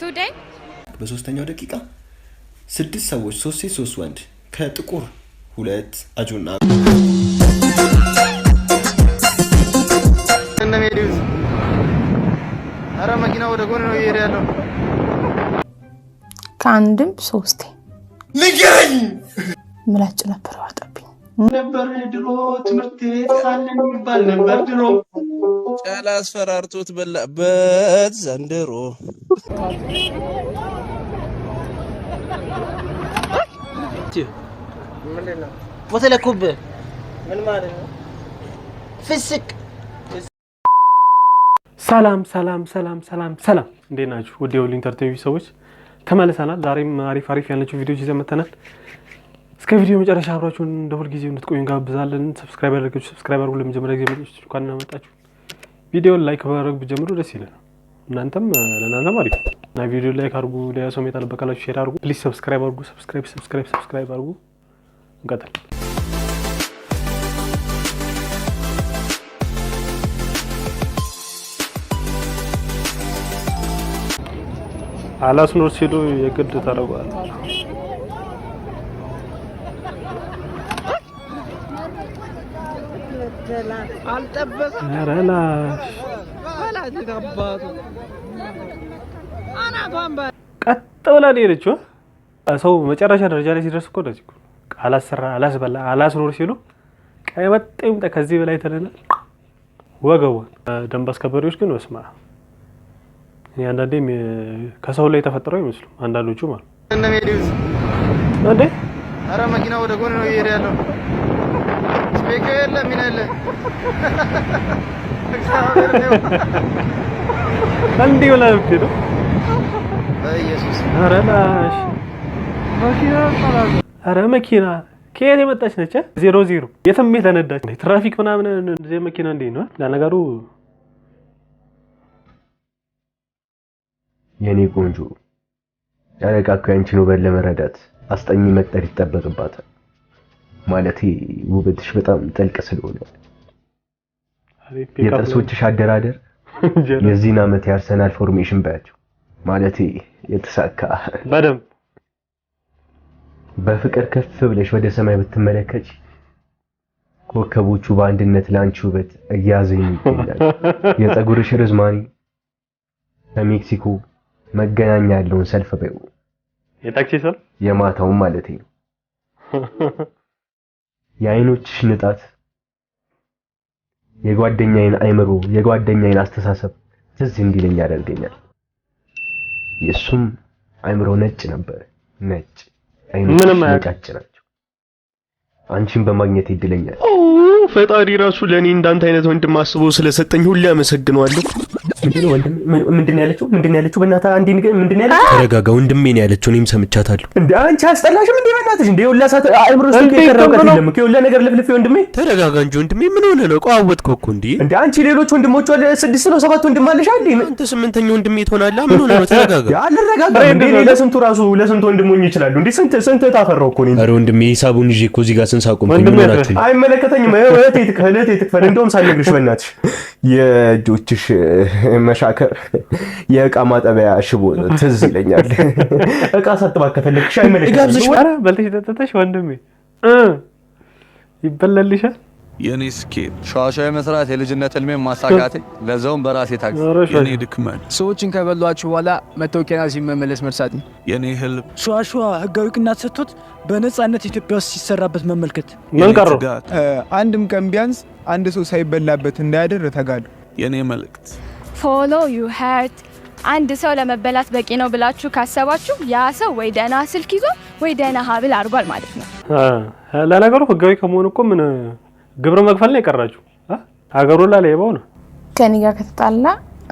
ቱዴይ በሶስተኛው ደቂቃ ስድስት ሰዎች ሶስት ሴት ሶስት ወንድ ከጥቁር ሁለት አጁና ኧረ መኪና ወደ ጎን ነው እየሄደ ያለው። ከአንድም ሶስቴ ንገረኝ ምላጭ ነበረው ዋጠብኝ ነበር ድሮ ትምህርት ቤት ሳለን የሚባል ነበር ድሮ ጨላ አስፈራርቶት በላበት ዘንድሮ ወተለኩብ ምን ማለት ነው? ፍስክ ሰላም ሰላም ሰላም ሰላም ሰላም፣ እንዴት ናችሁ? ውድ የሁሉ ኢንተርቴቪ ሰዎች ተመልሰናል። ዛሬም አሪፍ አሪፍ ያለችው ቪዲዮዎች ይዘን መጥተናል። እስከ ቪዲዮ መጨረሻ አብራችሁን እንደ ሁልጊዜው እንድትቆዩ እንጋብዛለን። ሰብስክራይብ ያደረጋችሁ ሰብስክራይብ አድርጉ። ለመጀመሪያ ጊዜ መጣችሁ እንኳን እናመጣችሁ ቪዲዮን ላይክ ባረግ ብጀምሩ ደስ ይላል። እናንተም ለእናንተም አሪፍ እና ቪዲዮ ላይክ አድርጉ። ሌላ ሰው ሜታ ልበቃላችሁ ሼር አድርጉ። ፕሊዝ ሰብስክራይብ አድርጉ። ሰብስክራይብ ሰብስክራይብ ሰብስክራይብ አድርጉ። እንቀጥል። አላስኖር ሲሉ የግድ ተደርጓል። ቀጥ ብላ ነው የሄደችው። ሰው መጨረሻ ደረጃ ላይ ሲደርስ እኮ እንደዚህ አላሰራ አላስበላ አላስኖር ሲሉ ቀበጥ ይምጣ ከዚህ በላይ ተለናል። ወገቡ ደንብ አስከባሪዎች ግን ወስማ እኔ አንዳንዴ ከሰው ላይ የተፈጠረው አይመስሉም አንዳንዶቹ ማለት እንዴ፣ ኧረ መኪና ወደ ጎን ነው እየሄደ ያለው ስፒከር የለ ምን የለ እንዲሁ ለብድ ነው። በኢየሱስ ኧረ ላሽ መኪና ኧረ መኪና ከየት የመጣች ነች? ዜሮ ዜሮ የትም ቤት ትራፊክ ምናምን እዚህ መኪና እንዴት ነው ለነገሩ? የኔ ቆንጆ ያለቃ እኮ ያንቺን ውበት ለመረዳት አስጠኝ መቅጠር ይጠበቅባታል። ማለት ውበትሽ በጣም ጥልቅ ስለሆነ የጥርሶችሽ አደራደር የዚህን ዓመት የአርሰናል ፎርሜሽን ባያቸው ማለት የተሳካ በደንብ በፍቅር ከፍ ብለሽ ወደ ሰማይ ብትመለከች ኮከቦቹ በአንድነት ለአንቺ ውበት እያዘኝ ይገኛል። የፀጉርሽ ርዝማኔ በሜክሲኮ መገናኛ ያለውን ሰልፍ በው የታክሲ ሰልፍ የማታውን ማለት ነው። የአይኖችሽ ንጣት፣ የጓደኛዬን አይምሮ፣ የጓደኛዬን አስተሳሰብ ትዝ እንዲለኝ ያደርገኛል። የእሱም አይምሮ ነጭ ነበር፣ ነጭ አይኖች ነጫጭ ናቸው። አንቺን በማግኘት ይድለኛል። ፈጣሪ ራሱ ለእኔ እንዳንተ አይነት ወንድም አስቦ ስለሰጠኝ ሁሌ አመሰግነዋለሁ። ምንድን ነው ያለችው? ምንድን ነው ያለችው? በእናትህ አንዴ ንገ ምንድን ነው ያለችው? ተረጋጋ ወንድሜ ነው ያለችው። እኔም ሰምቻታለሁ። እንደ አንቺ አስጠላሽም እንዴ በእናትሽ እንዴ ሁላ ሰዓት አእምሮ ውስጥ ከራውቀት የለም ሁላ ነገር ልፍልፍ። ወንድሜ ተረጋጋ እንጂ ወንድሜ። ምን ሆነ ነው ቋወጥከው እኮ እንዴ? እንደ አንቺ ሌሎች ወንድሞች አለ ስድስት ነው ሰባት ወንድም አለሽ አለ። አንተ ስምንተኛ ወንድሜ ትሆናለህ። ምን ሆነ ነው? ተረጋጋ። አልረጋጋ እንዴ ለስንቱ ራሱ ለስንቱ ወንድሞኝ ይችላሉ እንዴ? ስንት ስንት ታፈራው እኮ ነው። አረ ወንድሜ ሂሳቡን ይዤ እኮ እዚህ ጋር ስንት ሳቁም ተኝናችሁ። አይመለከተኝም። እህቴ ትክፈል፣ እህቴ ትክፈል። እንደውም ሳልነግርሽ በእናትሽ የእጆችሽ መሻከር የእቃ ማጠቢያ ሽቦ ትዝ ይለኛል። እቃ ሳጥባት ከፈለግሽ በልተሽ ጠጥተሽ ወንድሜ ይበላልሻል። የኔ ስኬት ሸዋሻ መስራት የልጅነት ህልሜን ማሳካቴ ለዛውም በራሴ ታክሲ። የኔ ድክመት ሰዎችን ከበሏችሁ በኋላ መታወቂያ ሲመመለስ መርሳት የኔ ህልም ሸዋሸዋ ህጋዊ ቅና ተሰጥቶት በነፃነት ኢትዮጵያ ውስጥ ሲሰራበት መመልከት። መንቀሩ አንድም ቀን ቢያንስ አንድ ሰው ሳይበላበት እንዳያደር ተጋሉ። የኔ መልእክት ፎሎ ዩ ሄርት አንድ ሰው ለመበላት በቂ ነው ብላችሁ ካሰባችሁ ያ ሰው ወይ ደህና ስልክ ይዞ ወይ ደህና ሀብል አድርጓል ማለት ነው። ለነገሩ ህጋዊ ከመሆኑ እኮ ምን ግብር መክፈል ነው የቀራችሁ። ሀገሩ ላለየበው ነው። ከኔ ጋር ከተጣላ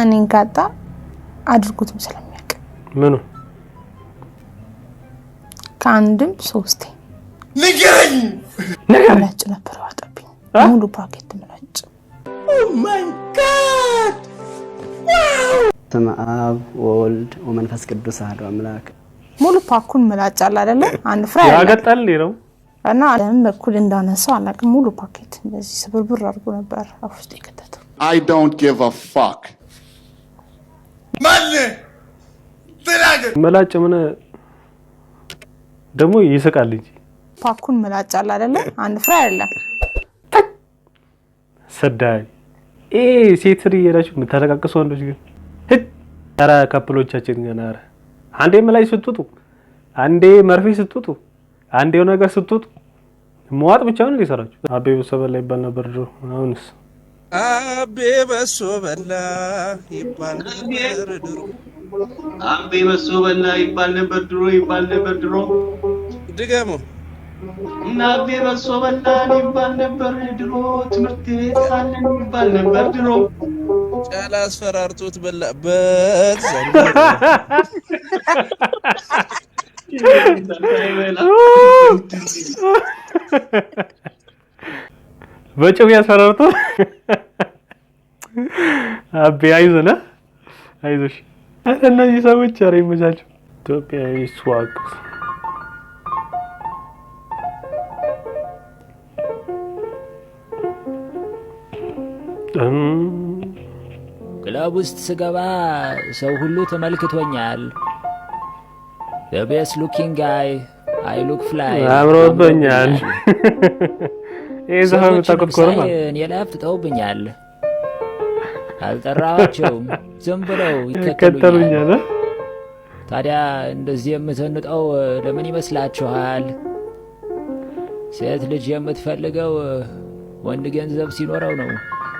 እኔን ካጣ አድርጉትም ስለሚያውቅ ምኑ ከአንድም ሶስቴ ንገረኝ ነገራጭ ነበር። ዋጠብኝ ሙሉ ፓኬት ምላጭ ማይ ጋድ በስመ አብ ወወልድ ወመንፈስ ቅዱስ አሐዱ አምላክ። ሙሉ ፓኩን ምላጭ አለ አይደለ? አንድ ፍሬ ያገጣል ነው እና ለምን በኩል እንዳነሳው አላውቅም። ሙሉ ፓኬት እንደዚህ ስብርብር አድርጎ ነበር አፍ ውስጥ የከተተው። አይ ዶንት ጊቭ አ ፋክ ማን ተናገር። ምላጭ ምን ደግሞ ይስቃል እንጂ ፓኩን ምላጭ አለ አይደለ? አንድ ፍሬ አይደለም ሰዳይ ሴት ስር እየሄዳችሁ የምታለቃቅሱ ወንዶች ግን ኧረ ከፕሎቻችን ገና ኧረ አንዴ መላይ ስትጡ አንዴ መርፌ ስትጡ አንዴ ነገር ስትውጡ መዋጥ ብቻ ነው ሊሰራችሁ። አቤ በሶ በላ ይባል ነበር ድሮ። አሁንስ አቤ በሶ በላ ይባል ነበር ድሮ። አቤ በሶ በላ ይባል ነበር ድሮ ይባል ነበር ድሮ። ድገሙ እናቴ በሶ በላን ይባል ነበር ድሮ። ትምህርት ቤት ሳለን ይባል ነበር ድሮ። ጫላ አስፈራርቶት በላበት በጭው ያስፈራርቶ አቤ አይዞህ አይዞሽ። እነዚህ ሰዎች ኧረ ይመቻቸው። ኢትዮጵያዊ ስዋቅ አልሰጠም። ክለብ ውስጥ ስገባ ሰው ሁሉ ተመልክቶኛል። ቤስ ሉኪንግ ጋይ አይ ሉክ ፍላይ አምሮብኛል። ይህ ዘፈን እኔ ላይ አፍጥጠውብኛል። አልጠራኋቸውም፣ ዝም ብለው ይከተሉኛል። ታዲያ እንደዚህ የምትንጠው ለምን ይመስላችኋል? ሴት ልጅ የምትፈልገው ወንድ ገንዘብ ሲኖረው ነው።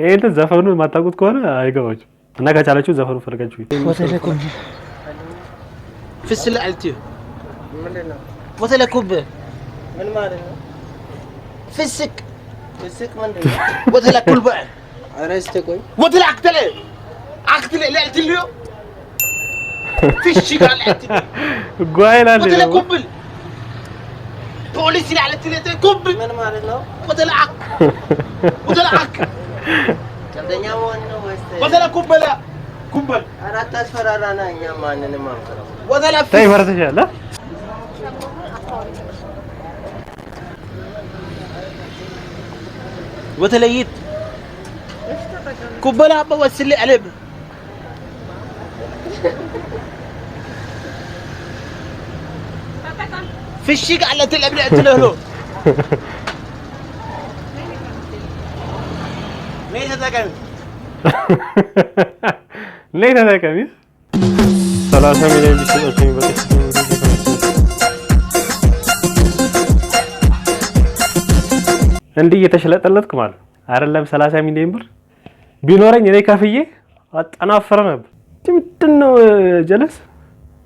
ይሄን ዘፈኑ የማታውቁት ከሆነ አይገባችሁ እና ከቻላችሁ ዘፈኑ ፈልጋችሁ ፍስክ ፍስክ ምንድን ነው? ወተላ ኩልበዕ አረስተ ቆይ ወተላ አክተለ አክተለ ለዕልት ልዮ ፍሽ ጋር ለዕልት ጓይላ ለ ወተላ ኩብል ፖሊስ ለዕልት ለተ ኩብል ምን ማለት ነው? ወተላ አክ ወተላ አክ ኩበላ ኩበል ኧረ አታስፈራራና፣ እኛ ማንንም አንፈራም። ተይ ፈርተሻል። وتليت كبلا في الشيك على تلعب لعبة ነይ ተጠቀሚ። ሰላሳ ሚሊዮን ቢሰጣቸው እንዲህ እየተሽለጠለጥኩ ማለት አይደለም። ሰላሳ ሚሊዮን ብር ቢኖረኝ እኔ ከፍዬ አጠናፈረ ነበር። ምንድን ነው ጀለስ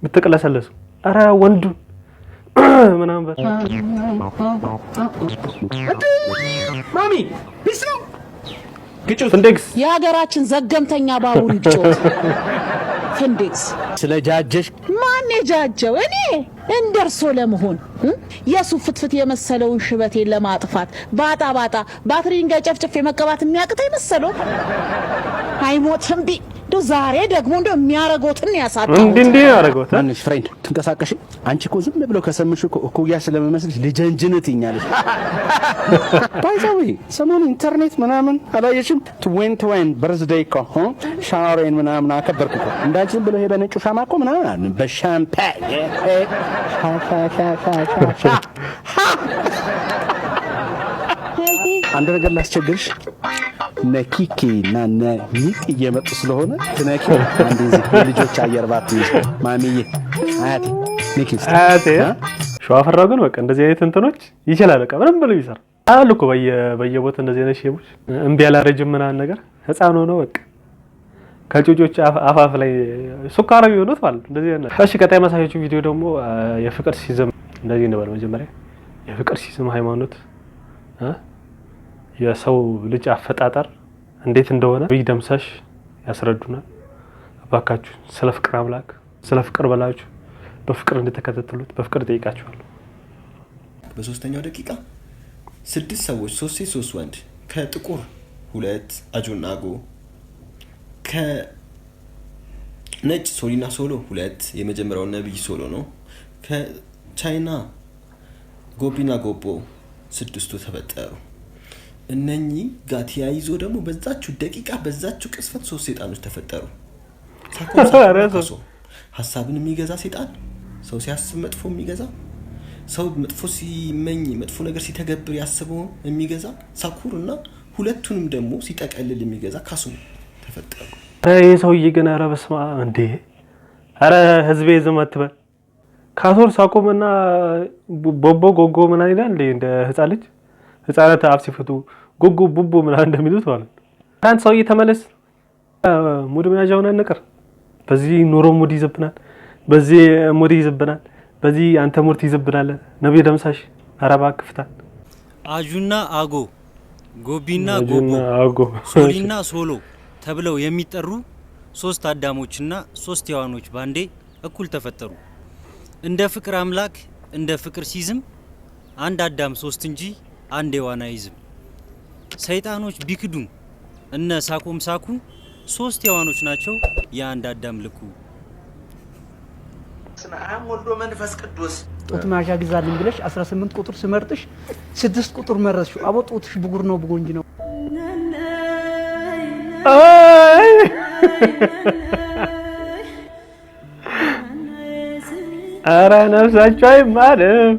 የምትቅለሰለሱ? ኧረ ወንዱ ምናምን በል ማሚ ቢስ ግጭት ፍንዴክስ የሀገራችን ዘገምተኛ ባቡር ይጮት ፍንዴክስ። ስለ ጃጀሽ ማን የጃጀው? እኔ እንደርሶ ለመሆን የሱ ፍትፍት የመሰለውን ሽበቴን ለማጥፋት ባጣ ባጣ ባትሪን ጋር ጨፍጨፍ የመቀባት የሚያቅተ አይመሰለው አይሞትም እምቢ እንደው ዛሬ ደግሞ እንደው የሚያረጎትን ያሳጣው እንዴ እንዴ ያረጎት አንሽ ፍሬንድ ትንቀሳቀሽ። አንቺ እኮ ዝም ብሎ ከሰምሽ እኮ እኩያ ስለምመስልሽ ልጀንጅነት ይኛለሽ። ባይዛዊ ሰሞኑን ኢንተርኔት ምናምን አላየሽም? ትዌንቲ ዋን በርዝዴይ እኮ ሆን ሻወሬን ምናምን አከበርኩ እኮ እንዳንቺ ዝም ብሎ ይሄ በነጩ ሻማ እኮ ምናምን አለ በሻምፓኝ አንድ ነገር ላስቸግርሽ ነኪኬ እና ነሚቅ እየመጡ ስለሆነ ነኪ ልጆች አየር ባት ማሚዬ አያቴ አያቴ ሸዋፈራው ግን በቃ እንደዚህ አይነት እንትኖች ይችላል። በቃ ምንም ብለው ይሰራ አሉ እኮ በየቦታ እንደዚህ አይነት ሼቦች እምቢ ያላረጅም ምናምን ነገር ህፃን ሆነው በቃ ከጮጆች አፋፍ ላይ ሱካራ ቢሆኑት ማለት እንደዚህ ነው። እሺ ቀጣይ ማሳያችሁ ቪዲዮ ደግሞ የፍቅር ሲዝም እንደዚህ እንበል መጀመሪያ የፍቅር ሲዝም ሃይማኖት የሰው ልጅ አፈጣጠር እንዴት እንደሆነ ዐቢይ ደምሳሽ ያስረዱናል። እባካችሁ ስለ ፍቅር አምላክ ስለ ፍቅር በላችሁ በፍቅር እንደተከታተሉት በፍቅር ጠይቃችኋለሁ። በሶስተኛው ደቂቃ ስድስት ሰዎች ሶስት ሴት ሶስት ወንድ ከጥቁር ሁለት አጆናጎ ከነጭ ሶሊና ሶሎ ሁለት የመጀመሪያው ነብይ ሶሎ ነው። ከቻይና ጎቢና ጎቦ ስድስቱ ተፈጠሩ። እነኚህ ጋር ተያይዞ ደግሞ በዛችሁ ደቂቃ በዛችሁ ቅስፈት ሶስት ሴጣኖች ተፈጠሩ። ሀሳብን የሚገዛ ሴጣን፣ ሰው ሲያስብ መጥፎ የሚገዛ ሰው መጥፎ ሲመኝ መጥፎ ነገር ሲተገብር ያስበውን የሚገዛ ሳኩር እና ሁለቱንም ደግሞ ሲጠቀልል የሚገዛ ካሱ ተፈጠሩ። ይህ ሰውዬ ግን ኧረ በስመ አብ እንዴ! ኧረ ህዝቤ ዝም አትበል። ሳቁምና ቦቦ ጎጎ ምናምን ይላል እንደ ህፃን ልጅ ህጻናት አፍ ሲፈቱ ጉጉ ቡቡ ምና እንደሚሉት ማለት አንድ ሰው ተመለስ ሙድ መያዣ ሆነ ንቅር። በዚህ ኑሮ ሙድ ይዝብናል፣ በዚህ ሙድ ይዝብናል፣ በዚህ አንተ ሙድ ይዝብናል። ነብዩ ደምሳሽ አረባ ክፍታል አጁና አጎ ጎቢና ጎቦ ሶሊና ሶሎ ተብለው የሚጠሩ ሶስት አዳሞችና ሶስት ሔዋኖች ባንዴ እኩል ተፈጠሩ። እንደ ፍቅር አምላክ እንደ ፍቅር ሲዝም አንድ አዳም ሶስት እንጂ አንድ የዋና ይዝም ሰይጣኖች ቢክዱም እነ ሳኩም ሳኩ ሶስት የዋኖች ናቸው የአንድ አዳም ልኩ። ስምአብ ወልዶ መንፈስ ቅዱስ ጡት ማሻ ግዛልኝ ብለሽ 18 ቁጥር ስመርጥሽ ስድስት ቁጥር መረሽ አቦ ጡትሽ ብጉር ነው ብጎንጅ ነው። አረ ነፍሳቸው አይማርም።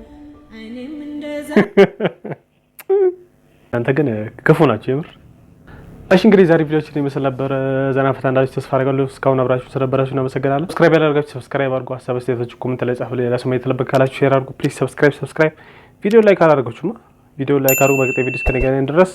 እናንተ ግን ክፉ ናቸው የምር። እሺ እንግዲህ ዛሬ ቪዲዮችን ይመስል ነበረ። ዘና ፈታ እንዳላችሁ ተስፋ አደርጋለሁ። እስካሁን አብራችሁ ስለነበራችሁ እናመሰግናለሁ። ሰብስክራይብ ያላደርጋችሁ ሰብስክራይብ አድርጉ። ሀሳብ አስተያየታችሁ ኮሜንት ላይ ጻፉ። ሌላ ሰው የተለበቅ ካላችሁ ሼር አድርጉ። ፕሊዝ ሰብስክራይብ ሰብስክራይብ። ቪዲዮ ላይክ አላደርጋችሁማ ቪዲዮ ላይክ አድርጉ። በቀጣይ ቪዲዮ እስከነገናኝ ድረስ